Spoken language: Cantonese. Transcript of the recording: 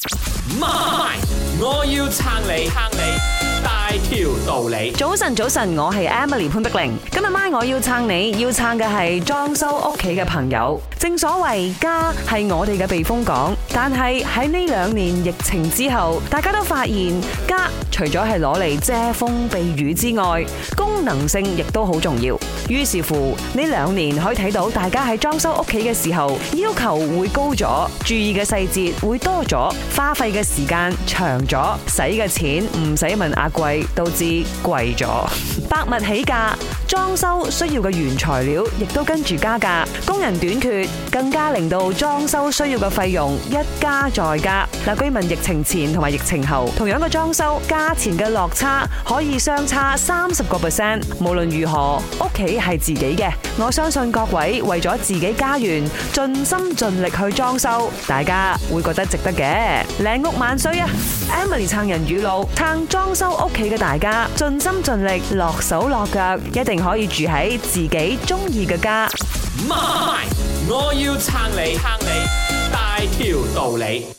媽咪，My, 我要撐你，撐你。大條道理，早晨，早晨，我係 Emily 潘碧玲。今日嘛，我要撐你，要撐嘅係裝修屋企嘅朋友。正所謂家係我哋嘅避風港，但係喺呢兩年疫情之後，大家都發現家除咗係攞嚟遮風避雨之外，功能性亦都好重要。於是乎呢兩年可以睇到，大家喺裝修屋企嘅時候，要求會高咗，注意嘅細節會多咗，花費嘅時間長咗，使嘅錢唔使問阿貴導致貴咗，百物起價，裝修需要嘅原材料亦都跟住加價，工人短缺更加令到裝修需要嘅費用一加再加。嗱，據聞疫情前同埋疫情後同樣嘅裝修，價錢嘅落差可以相差三十個 percent。無論如何，屋企係自己嘅，我相信各位為咗自己家園盡心盡力去裝修，大家會覺得值得嘅。靚屋萬歲啊！Emily 撐人語路，撐裝修屋企嘅大家，盡心盡力，落手落腳，一定可以住喺自己中意嘅家。媽咪，我要撐你，撐你，大條道理。